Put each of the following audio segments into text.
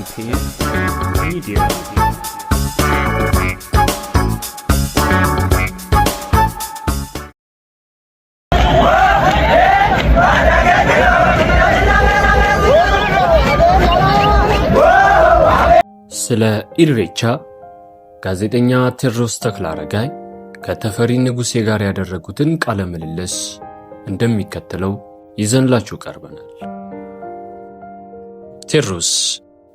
welcome Media. ስለ ኢሬቻ ጋዜጠኛ ቴድሮስ ቴዎድሮስ አረጋይ ከተፈሪ ንጉሴ ጋር ያደረጉትን ቃለ ምልልስ እንደሚከተለው ይዘንላችሁ ቀርበናል። ቴዎድሮስ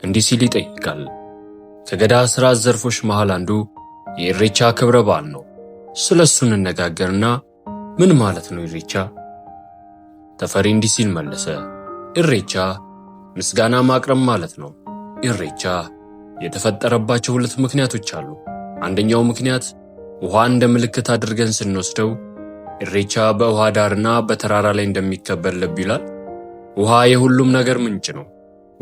እንዲህ ሲል ይጠይቃል። ከገዳ ሥርዓት ዘርፎች መሃል አንዱ የኢሬቻ ክብረ በዓል ነው። ስለ እሱ እንነጋገርና ምን ማለት ነው ኢሬቻ? ተፈሪ እንዲህ ሲል መለሰ። ኢሬቻ ምስጋና ማቅረብ ማለት ነው። ኢሬቻ የተፈጠረባቸው ሁለት ምክንያቶች አሉ። አንደኛው ምክንያት ውሃ እንደ ምልክት አድርገን ስንወስደው ኢሬቻ በውሃ ዳርና በተራራ ላይ እንደሚከበር ልብ ይላል። ውሃ የሁሉም ነገር ምንጭ ነው።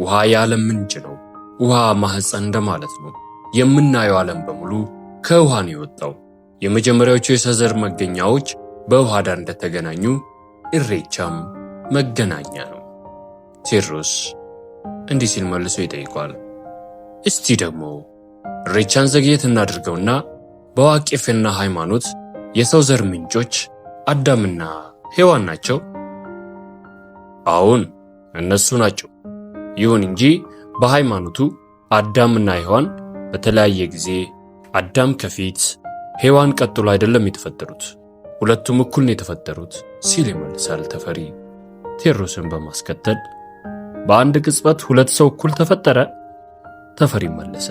ውሃ የዓለም ምንጭ ነው። ውሃ ማህፀን እንደማለት ነው። የምናየው ዓለም በሙሉ ከውሃ ነው የወጣው። የመጀመሪያዎቹ የሰዘር መገኛዎች በውሃ ዳር እንደተገናኙ እሬቻም መገናኛ ነው። ቴድሮስ እንዲህ ሲል መልሶ ይጠይቋል። እስቲ ደግሞ እሬቻን ዘግየት እናድርገውና በዋቄፍና ሃይማኖት የሰው ዘር ምንጮች አዳምና ሔዋን ናቸው? አዎን እነሱ ናቸው። ይሁን እንጂ በሃይማኖቱ አዳምና ሔዋን በተለያየ ጊዜ አዳም ከፊት ሔዋን ቀጥሎ አይደለም የተፈጠሩት፣ ሁለቱም እኩል ነው የተፈጠሩት ሲል ይመልሳል ተፈሪ ቴዎድሮስን በማስከተል በአንድ ቅጽበት ሁለት ሰው እኩል ተፈጠረ? ተፈሪ መለሰ፣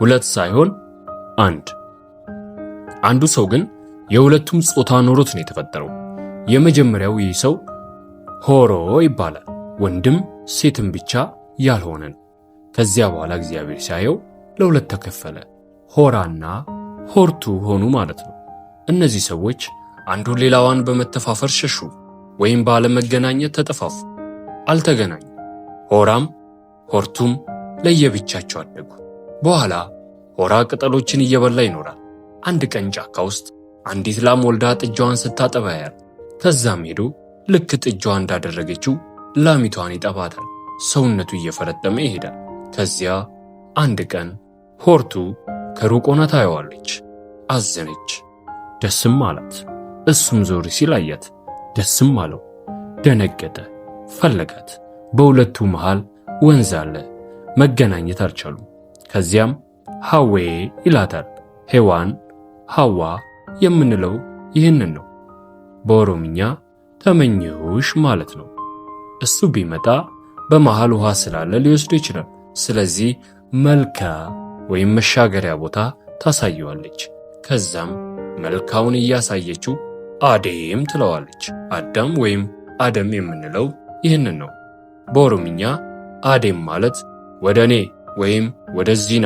ሁለት ሳይሆን አንድ። አንዱ ሰው ግን የሁለቱም ጾታ ኖሮት ነው የተፈጠረው። የመጀመሪያው ይህ ሰው ሆሮ ይባላል፣ ወንድም ሴትም ብቻ ያልሆነን። ከዚያ በኋላ እግዚአብሔር ሲያየው ለሁለት ተከፈለ፣ ሆራና ሆርቱ ሆኑ ማለት ነው። እነዚህ ሰዎች አንዱ ሌላዋን በመተፋፈር ሸሹ፣ ወይም ባለመገናኘት ተጠፋፉ፣ አልተገናኙ። ሆራም ሆርቱም ለየብቻቸው አደጉ። በኋላ ሆራ ቅጠሎችን እየበላ ይኖራል። አንድ ቀን ጫካ ውስጥ አንዲት ላም ወልዳ ጥጃዋን ስታጠባ ያያል። ከዛም ሄዶ ልክ ጥጃዋ እንዳደረገችው ላሚቷን ይጠባታል። ሰውነቱ እየፈረጠመ ይሄዳል። ከዚያ አንድ ቀን ሆርቱ ከሩቆና ታየዋለች። አዘነች፣ ደስም አላት። እሱም ዞር ሲል አያት፣ ደስም አለው። ደነገጠ፣ ፈለጋት። በሁለቱ መሃል ወንዝ አለ። መገናኘት አልቻሉም። ከዚያም ሐዌ ይላታል። ሔዋን ሐዋ የምንለው ይህንን ነው። በኦሮምኛ ተመኘሁሽ ማለት ነው። እሱ ቢመጣ በመሃል ውሃ ስላለ ሊወስድ ይችላል። ስለዚህ መልካ ወይም መሻገሪያ ቦታ ታሳየዋለች። ከዛም መልካውን እያሳየችው አዴም ትለዋለች። አዳም ወይም አደም የምንለው ይህንን ነው። በኦሮምኛ አዴም ማለት ወደ እኔ ወይም ወደዚህ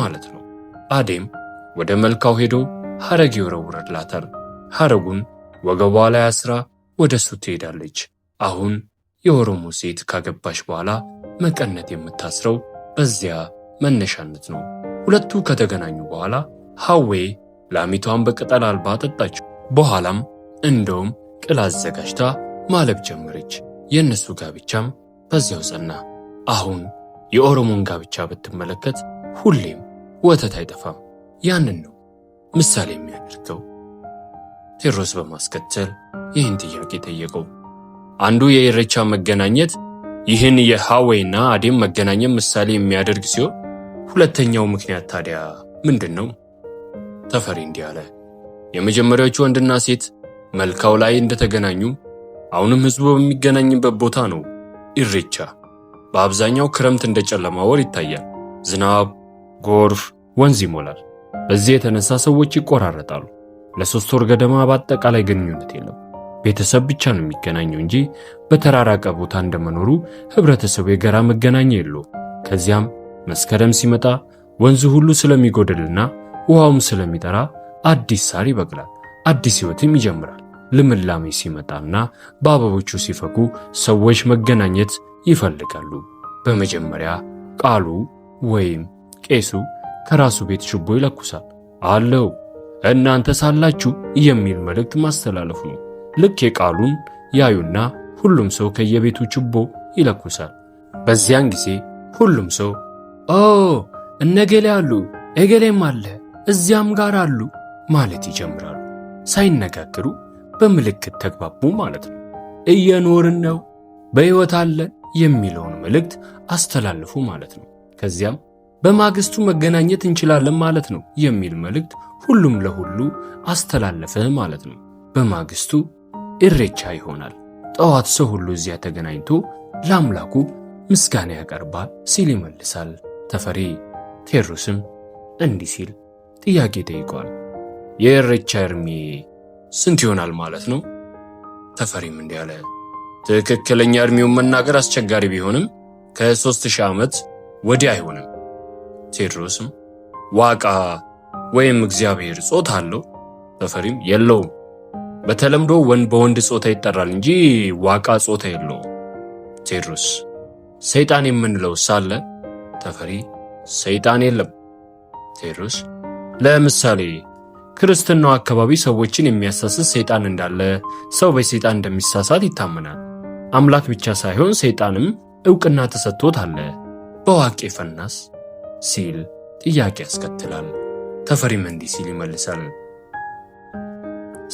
ማለት ነው። አዴም ወደ መልካው ሄዶ ሐረግ ይወረውርላታል። ሐረጉን ወገቧ ላይ አስራ ወደ እሱ ትሄዳለች። አሁን የኦሮሞ ሴት ካገባች በኋላ መቀነት የምታስረው በዚያ መነሻነት ነው። ሁለቱ ከተገናኙ በኋላ ሐዌ ላሚቷን በቅጠል አልባ አጠጣችው። በኋላም እንደውም ቅል አዘጋጅታ ማለብ ጀመረች። የእነሱ ጋብቻም በዚያው ጸና። አሁን የኦሮሞን ጋብቻ ብትመለከት ሁሌም ወተት አይጠፋም። ያንን ነው ምሳሌ የሚያደርገው። ቴድሮስ በማስከተል ይህን ጥያቄ ጠየቀው። አንዱ የኢሬቻ መገናኘት ይህን የሃዌና አዴም መገናኘት ምሳሌ የሚያደርግ ሲሆን ሁለተኛው ምክንያት ታዲያ ምንድን ነው? ተፈሪ እንዲህ አለ። የመጀመሪያዎቹ ወንድና ሴት መልካው ላይ እንደተገናኙ አሁንም ህዝቡ በሚገናኝበት ቦታ ነው ኢሬቻ። በአብዛኛው ክረምት እንደ ጨለማ ወር ይታያል። ዝናብ፣ ጎርፍ፣ ወንዝ ይሞላል። በዚህ የተነሳ ሰዎች ይቆራረጣሉ። ለሶስት ወር ገደማ በአጠቃላይ ግንኙነት የለም። ቤተሰብ ብቻ ነው የሚገናኘው እንጂ በተራራቀ ቦታ እንደመኖሩ ህብረተሰቡ የጋራ መገናኛ የለው። ከዚያም መስከረም ሲመጣ ወንዙ ሁሉ ስለሚጎደልና ውሃውም ስለሚጠራ አዲስ ሳር ይበቅላል፣ አዲስ ህይወትም ይጀምራል። ልምላሜ ሲመጣና በአበቦቹ ሲፈኩ ሰዎች መገናኘት ይፈልጋሉ። በመጀመሪያ ቃሉ ወይም ቄሱ ከራሱ ቤት ችቦ ይለኩሳል። አለው እናንተስ አላችሁ የሚል መልእክት ማስተላለፉ ነው። ልክ የቃሉን ያዩና ሁሉም ሰው ከየቤቱ ችቦ ይለኩሳል። በዚያን ጊዜ ሁሉም ሰው ኦ እነ ገሌ አሉ፣ እገሌም አለ፣ እዚያም ጋር አሉ ማለት ይጀምራሉ። ሳይነጋገሩ በምልክት ተግባቡ ማለት ነው። እየኖርን ነው፣ በሕይወት አለን የሚለውን መልእክት አስተላልፉ ማለት ነው። ከዚያም በማግስቱ መገናኘት እንችላለን ማለት ነው የሚል መልእክት ሁሉም ለሁሉ አስተላለፈ ማለት ነው። በማግስቱ ኢሬቻ ይሆናል። ጠዋት ሰው ሁሉ እዚያ ተገናኝቶ ለአምላኩ ምስጋና ያቀርባል ሲል ይመልሳል ተፈሪ። ቴዎድሮስም እንዲህ ሲል ጥያቄ ጠይቋል። የኢሬቻ እድሜ ስንት ይሆናል ማለት ነው? ተፈሪም እንዲህ አለ። ትክክለኛ እድሜውን መናገር አስቸጋሪ ቢሆንም ከሦስት ሺህ ዓመት ወዲህ አይሆንም። ቴዎድሮስም ዋቃ ወይም እግዚአብሔር ጾታ አለው? ተፈሪም የለውም በተለምዶ ወንድ በወንድ ጾታ ይጠራል እንጂ ዋቃ ጾታ የለው። ቴድሮስ ሰይጣን የምንለው ሳለ ተፈሪ ሰይጣን የለም። ቴድሮስ ለምሳሌ ክርስትናው አካባቢ ሰዎችን የሚያሳስስ ሰይጣን እንዳለ ሰው በሰይጣን እንደሚሳሳት ይታመናል። አምላክ ብቻ ሳይሆን ሰይጣንም እውቅና ተሰጥቶት አለ። በዋቄ ፈናስ ሲል ጥያቄ ያስከትላል። ተፈሪም እንዲህ ሲል ይመልሳል።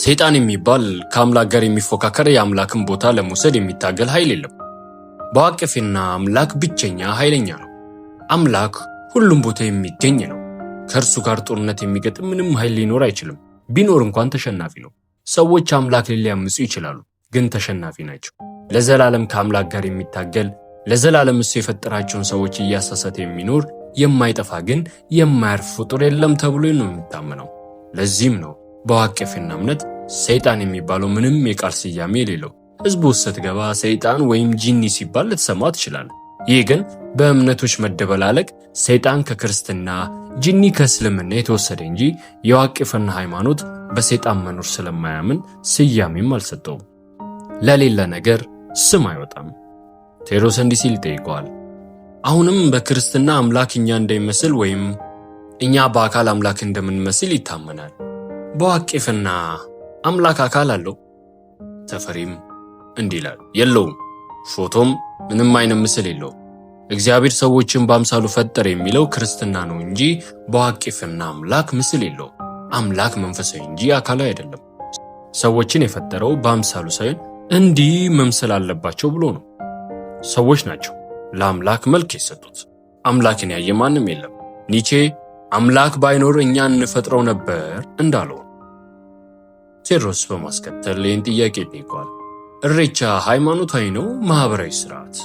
ሰይጣን የሚባል ከአምላክ ጋር የሚፎካከር የአምላክን ቦታ ለመውሰድ የሚታገል ኃይል የለም። በዋቄፈና አምላክ ብቸኛ ኃይለኛ ነው። አምላክ ሁሉም ቦታ የሚገኝ ነው። ከእርሱ ጋር ጦርነት የሚገጥም ምንም ኃይል ሊኖር አይችልም። ቢኖር እንኳን ተሸናፊ ነው። ሰዎች አምላክ ሊያምፁ ይችላሉ፣ ግን ተሸናፊ ናቸው። ለዘላለም ከአምላክ ጋር የሚታገል ለዘላለም እሱ የፈጠራቸውን ሰዎች እያሳሳተ የሚኖር የማይጠፋ ግን የማያርፍ ፍጡር የለም ተብሎ ነው የሚታመነው። ለዚህም ነው በዋቄፍና እምነት ሰይጣን የሚባለው ምንም የቃል ስያሜ የሌለው ህዝቡ ውስጥ ስትገባ ሰይጣን ወይም ጂኒ ሲባል ልትሰማ ትችላል። ይህ ግን በእምነቶች መደበላለቅ ሰይጣን ከክርስትና ጂኒ ከእስልምና የተወሰደ እንጂ የዋቀፍና ሃይማኖት በሰይጣን መኖር ስለማያምን ስያሜም አልሰጠውም። ለሌለ ነገር ስም አይወጣም። ቴዎድሮስ እንዲህ ሲል ይጠይቀዋል። አሁንም በክርስትና አምላክ እኛ እንደሚመስል ወይም እኛ በአካል አምላክ እንደምንመስል ይታመናል። በዋቄፍና አምላክ አካል አለው። ተፈሪም እንዲህ ይላል፣ የለውም። ፎቶም ምንም አይነት ምስል የለውም። እግዚአብሔር ሰዎችን በአምሳሉ ፈጠረ የሚለው ክርስትና ነው እንጂ በዋቄፍና አምላክ ምስል የለውም። አምላክ መንፈሳዊ እንጂ አካላዊ አይደለም። ሰዎችን የፈጠረው በአምሳሉ ሳይሆን እንዲህ መምሰል አለባቸው ብሎ ነው። ሰዎች ናቸው ለአምላክ መልክ የሰጡት። አምላክን ያየ ማንም የለም። ኒቼ አምላክ ባይኖር እኛ እንፈጥረው ነበር እንዳለው ቴድሮስ በማስከተል ይህን ጥያቄ ጠይቋል። እሬቻ ሃይማኖታዊ ነው? ማህበራዊ ስርዓት?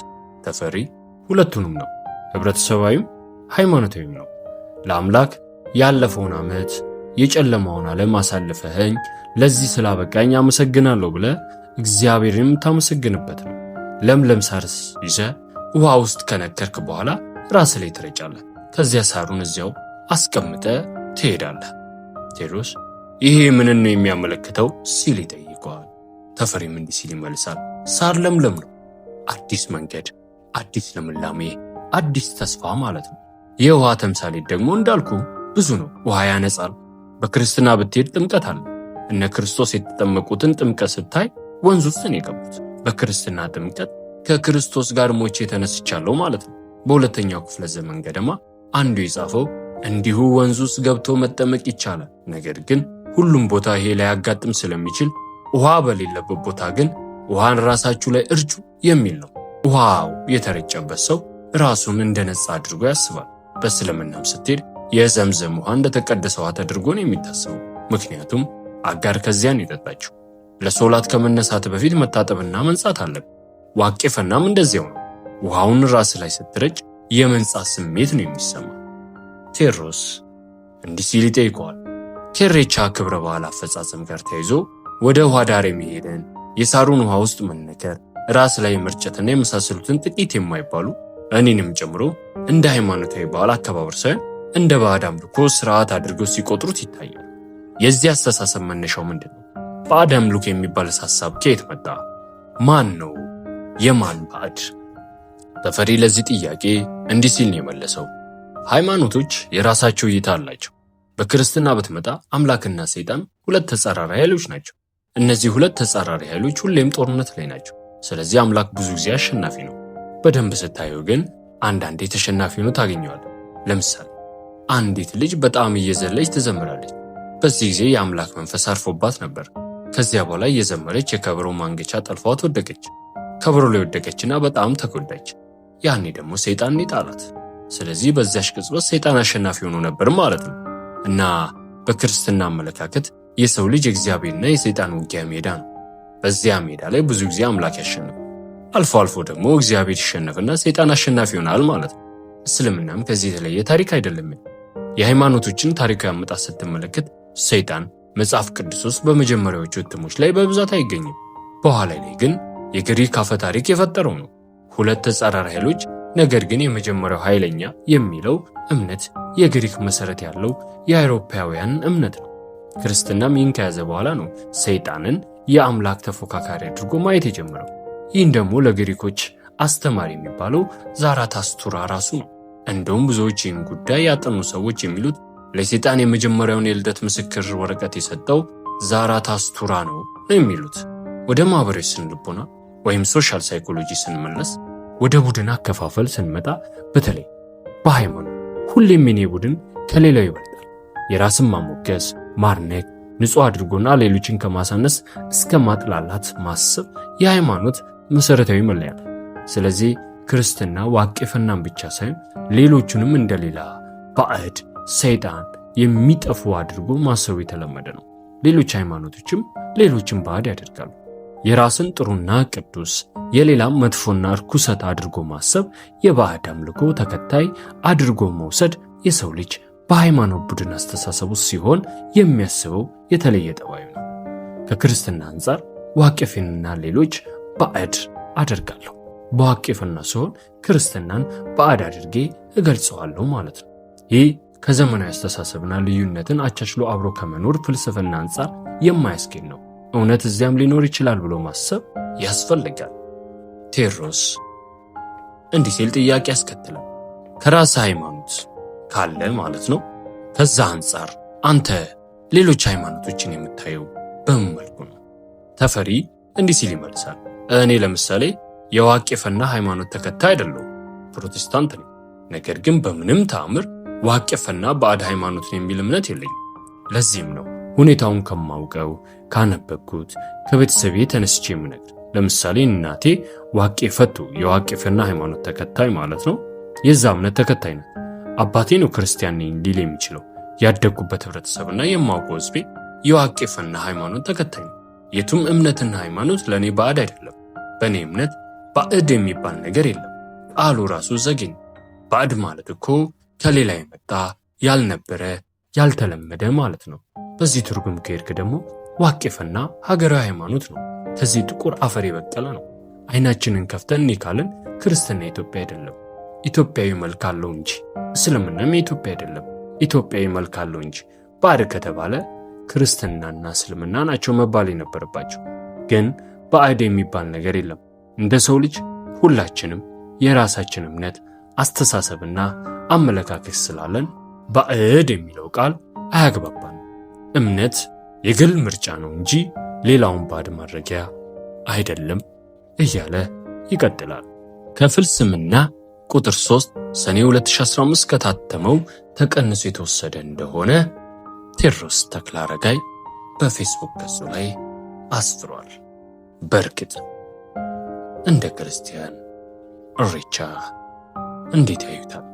ተፈሪ ሁለቱንም ነው። ህብረተሰባዊም ሃይማኖታዊም ነው። ለአምላክ ያለፈውን ዓመት የጨለማውን ዓለም አሳልፈኸኝ ለዚህ ስላበቃኝ አመሰግናለሁ ብለ እግዚአብሔርን የምታመሰግንበት ነው። ለምለም ሳርስ ይዘ ውሃ ውስጥ ከነከርክ በኋላ ራስ ላይ ትረጫለህ። ከዚያ ሳሩን እዚያው አስቀምጠ ትሄዳለህ። ቴድሮስ ይሄ ምንን ነው የሚያመለክተው ሲል ይጠይቀዋል። ተፈሪም እንዲህ ሲል ይመልሳል፣ ሳር ለምለም ነው፣ አዲስ መንገድ፣ አዲስ ልምላሜ፣ አዲስ ተስፋ ማለት ነው። የውሃ ተምሳሌት ደግሞ እንዳልኩ ብዙ ነው። ውሃ ያነጻል። በክርስትና ብትሄድ ጥምቀት አለ። እነ ክርስቶስ የተጠመቁትን ጥምቀት ስታይ ወንዝ ውስጥ ነው የገቡት። በክርስትና ጥምቀት ከክርስቶስ ጋር ሞቼ ተነስቻለሁ ማለት ነው። በሁለተኛው ክፍለ ዘመን ገደማ አንዱ የጻፈው እንዲሁ ወንዝ ውስጥ ገብቶ መጠመቅ ይቻላል፣ ነገር ግን ሁሉም ቦታ ይሄ ላያጋጥም ስለሚችል ውሃ በሌለበት ቦታ ግን ውሃን ራሳችሁ ላይ እርጩ የሚል ነው። ውሃው የተረጨበት ሰው ራሱን እንደ ነጻ አድርጎ ያስባል። በእስልምናም ስትሄድ የዘምዘም ውሃ እንደተቀደሰ ውሃ ተደርጎ ነው የሚታሰቡ ምክንያቱም አጋር ከዚያን የጠጣችው ለሶላት ከመነሳት በፊት መታጠብና መንጻት አለብ። ዋቄፈናም እንደዚያው ነው። ውሃውን ራስ ላይ ስትረጭ የመንጻት ስሜት ነው የሚሰማ። ቴዎድሮስ እንዲህ ሲል ይጠይቀዋል ከኢሬቻ ክብረ በዓል አፈጻጸም ጋር ተያይዞ ወደ ውሃ ዳር የሚሄደን የሳሩን ውሃ ውስጥ መነከር፣ ራስ ላይ መርጨትና የመሳሰሉትን ጥቂት የማይባሉ እኔንም ጨምሮ እንደ ሃይማኖታዊ በዓል አከባበር ሳይሆን እንደ ባዕድ አምልኮ ስርዓት አድርገው ሲቆጥሩት ይታያል። የዚህ አስተሳሰብ መነሻው ምንድን ነው? ባዕድ አምልኮ የሚባልስ ሀሳብ ከየት መጣ? ማን ነው የማን ባዕድ? ተፈሪ ለዚህ ጥያቄ እንዲህ ሲል ነው የመለሰው። ሃይማኖቶች የራሳቸው እይታ አላቸው። በክርስትና ብትመጣ አምላክና ሰይጣን ሁለት ተጻራሪ ኃይሎች ናቸው። እነዚህ ሁለት ተጻራሪ ኃይሎች ሁሌም ጦርነት ላይ ናቸው። ስለዚህ አምላክ ብዙ ጊዜ አሸናፊ ነው። በደንብ ስታየው ግን አንዳንዴ ተሸናፊ ሆኖ ታገኘዋለህ። ለምሳሌ አንዲት ልጅ በጣም እየዘለች ትዘምራለች። በዚህ ጊዜ የአምላክ መንፈስ አርፎባት ነበር። ከዚያ በኋላ እየዘመረች የከበሮ ማንገቻ ጠልፏት ወደቀች። ከበሮ ላይ ወደቀችና በጣም ተጎዳች። ያኔ ደግሞ ሰይጣን ጣላት። ስለዚህ በዚያሽ ቅጽበት ሰይጣን አሸናፊ ሆኖ ነበር ማለት ነው። እና በክርስትና አመለካከት የሰው ልጅ የእግዚአብሔርና የሰይጣን ውጊያ ሜዳ ነው። በዚያ ሜዳ ላይ ብዙ ጊዜ አምላክ ያሸንፋል፣ አልፎ አልፎ ደግሞ እግዚአብሔር ይሸነፍና ሰይጣን አሸናፊ ይሆናል ማለት ነው። እስልምናም ከዚህ የተለየ ታሪክ አይደለም። የሃይማኖቶችን ታሪካዊ አመጣጥ ስትመለከት ሰይጣን መጽሐፍ ቅዱስ ውስጥ በመጀመሪያዎቹ እትሞች ላይ በብዛት አይገኝም። በኋላ ላይ ግን የግሪክ አፈ ታሪክ የፈጠረው ነው። ሁለት ተጻራሪ ኃይሎች ነገር ግን የመጀመሪያው ኃይለኛ የሚለው እምነት የግሪክ መሰረት ያለው የአውሮፓውያን እምነት ነው። ክርስትናም ይህን ከያዘ በኋላ ነው ሰይጣንን የአምላክ ተፎካካሪ አድርጎ ማየት የጀመረው። ይህን ደግሞ ለግሪኮች አስተማሪ የሚባለው ዛራታስቱራ ራሱ ነው። እንደውም ብዙዎች ይህን ጉዳይ ያጠኑ ሰዎች የሚሉት ለሰይጣን የመጀመሪያውን የልደት ምስክር ወረቀት የሰጠው ዛራታስቱራ ነው ነው የሚሉት። ወደ ማህበራዊ ስነ ልቦና ወይም ሶሻል ሳይኮሎጂ ስንመለስ ወደ ቡድን አከፋፈል ስንመጣ በተለይ በሃይማኖት ሁሌም የኔ ቡድን ከሌላው ይበልጣል። የራስን ማሞገስ፣ ማርነቅ፣ ንጹሕ አድርጎና ሌሎችን ከማሳነስ እስከ ማጥላላት ማሰብ የሃይማኖት መሰረታዊ መለያ ነው። ስለዚህ ክርስትና ዋቄፈናን ብቻ ሳይሆን ሌሎቹንም እንደሌላ ባዕድ፣ ሰይጣን የሚጠፉ አድርጎ ማሰቡ የተለመደ ነው። ሌሎች ሃይማኖቶችም ሌሎችን ባዕድ ያደርጋሉ። የራስን ጥሩና ቅዱስ የሌላም መጥፎና ርኩሰት አድርጎ ማሰብ የባዕድ አምልኮ ተከታይ አድርጎ መውሰድ የሰው ልጅ በሃይማኖት ቡድን አስተሳሰቡ ሲሆን የሚያስበው የተለየ ጠባዩ ነው። ከክርስትና አንጻር ዋቄፍንና ሌሎች ባዕድ አደርጋለሁ፣ በዋቄፍና ሲሆን ክርስትናን ባዕድ አድርጌ እገልጸዋለሁ ማለት ነው። ይህ ከዘመናዊ አስተሳሰብና ልዩነትን አቻችሎ አብሮ ከመኖር ፍልስፍና አንጻር የማያስገኝ ነው። እውነት እዚያም ሊኖር ይችላል ብሎ ማሰብ ያስፈልጋል። ቴዎድሮስ እንዲህ ሲል ጥያቄ ያስከትላል። ከራስ ሃይማኖት ካለ ማለት ነው። ከዛ አንጻር አንተ ሌሎች ሃይማኖቶችን የምታየው በምን መልኩ ነው? ተፈሪ እንዲህ ሲል ይመልሳል። እኔ ለምሳሌ የዋቄፈና ሃይማኖት ተከታይ አይደለሁ ፕሮቴስታንት ነኝ። ነገር ግን በምንም ተአምር ዋቄፈና ባዕድ ነው የሚል እምነት የለኝም። ለዚህም ነው ሁኔታውን ከማውቀው ካነበብኩት ከቤተሰቤ ተነስቼ የምነግር ለምሳሌ እናቴ ዋቄ ፈቱ ፈና ሃይማኖት ተከታይ ማለት ነው። የዛ እምነት ተከታይ ነው። አባቴ ነው ክርስቲያን ነኝ ሊል የሚችለው። ያደግኩበት ህብረተሰብና የማውቀው ህዝቤ ፈና ሃይማኖት ተከታይ ነው። የቱም እምነትና ሃይማኖት ለእኔ ባዕድ አይደለም። በእኔ እምነት ባዕድ የሚባል ነገር የለም። ቃሉ ራሱ ዘጌኝ ባዕድ ማለት እኮ ከሌላ የመጣ ያልነበረ ያልተለመደ ማለት ነው። በዚህ ትርጉም ከሄድክ ደግሞ ዋቄፈና ሀገራዊ ሃይማኖት ነው። ከዚህ ጥቁር አፈር የበቀለ ነው። አይናችንን ከፍተን እኔ ካልን ክርስትና የኢትዮጵያ አይደለም፣ ኢትዮጵያዊ መልክ አለው እንጂ። እስልምናም የኢትዮጵያ አይደለም፣ ኢትዮጵያዊ መልክ አለው እንጂ። ባዕድ ከተባለ ክርስትናና እስልምና ናቸው መባል የነበረባቸው። ግን ባዕድ የሚባል ነገር የለም። እንደ ሰው ልጅ ሁላችንም የራሳችን እምነት፣ አስተሳሰብና አመለካከት ስላለን ባዕድ የሚለው ቃል አያግባባን። እምነት የግል ምርጫ ነው እንጂ ሌላውን ባድ ማድረጊያ አይደለም እያለ ይቀጥላል። ከፍልስምና ቁጥር 3 ሰኔ 2015 ከታተመው ተቀንሶ የተወሰደ እንደሆነ ቴዎድሮስ አረጋይ በፌስቡክ ገጹ ላይ አስፍሯል። በእርግጥ እንደ ክርስቲያን እሬቻ እንዴት ያዩታል?